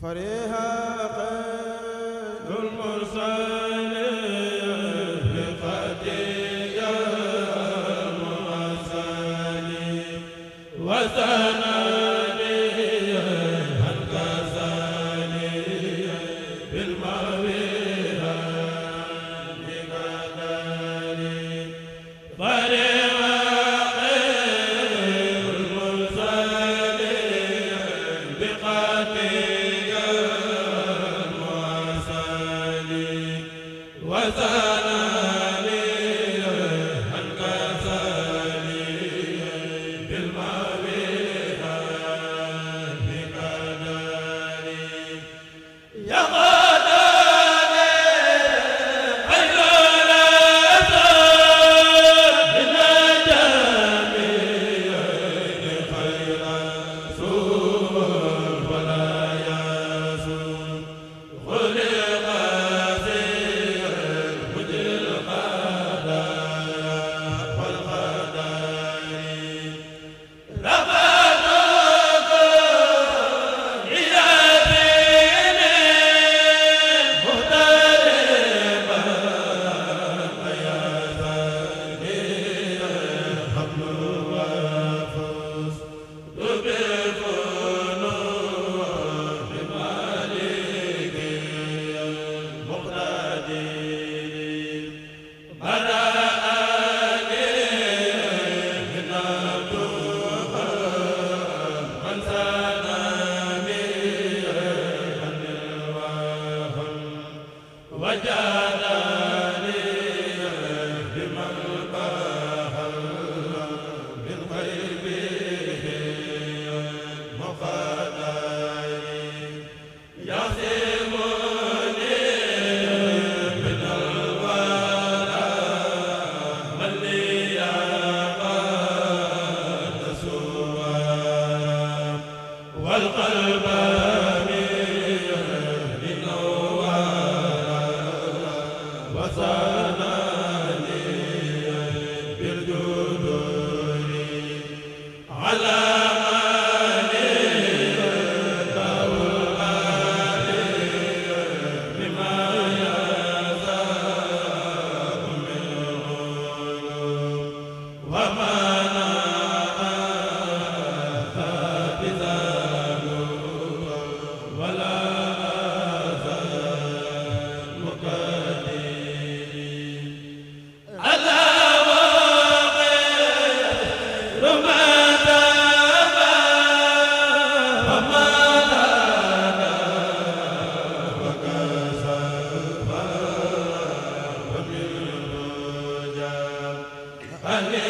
fariha qadul mursal yaa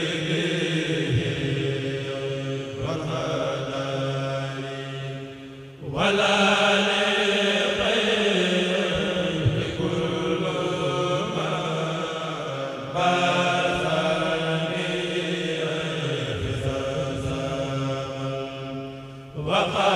wa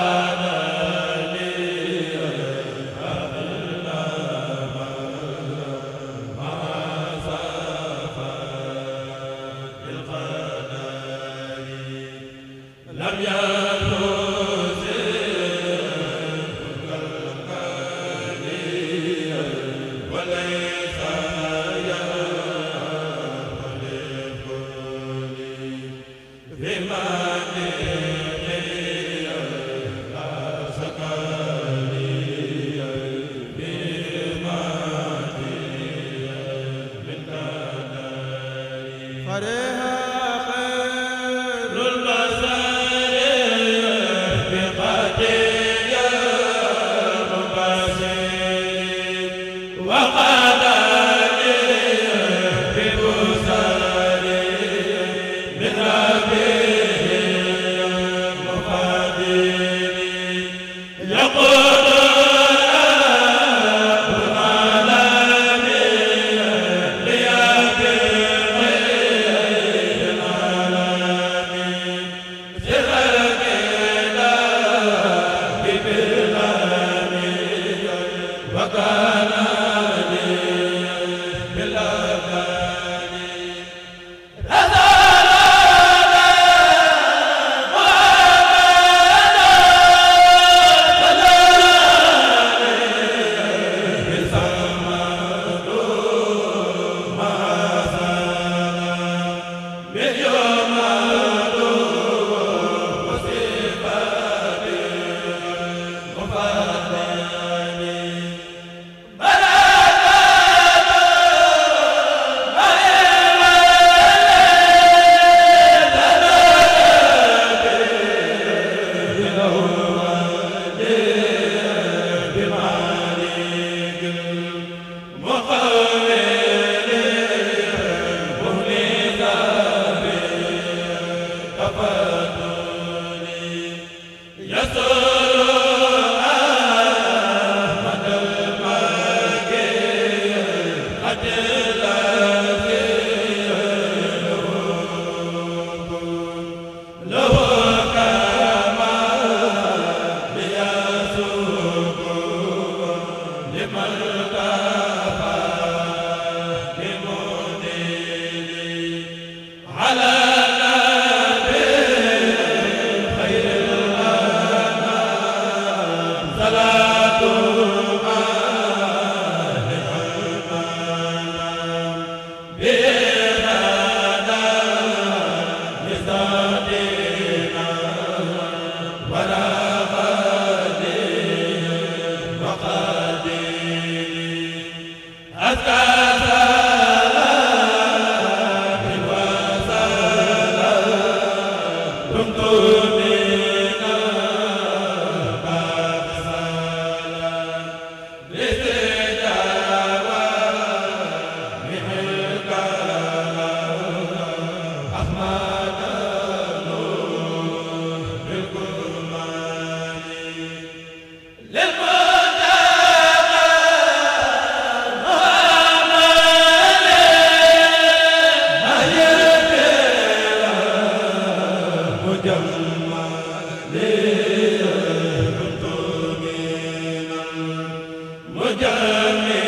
jami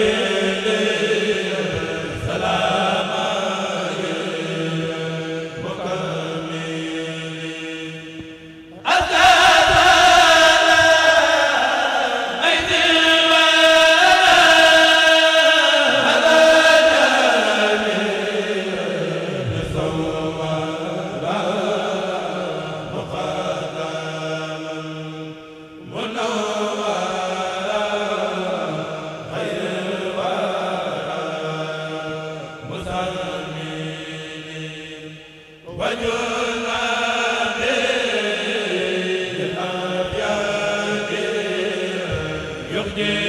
jë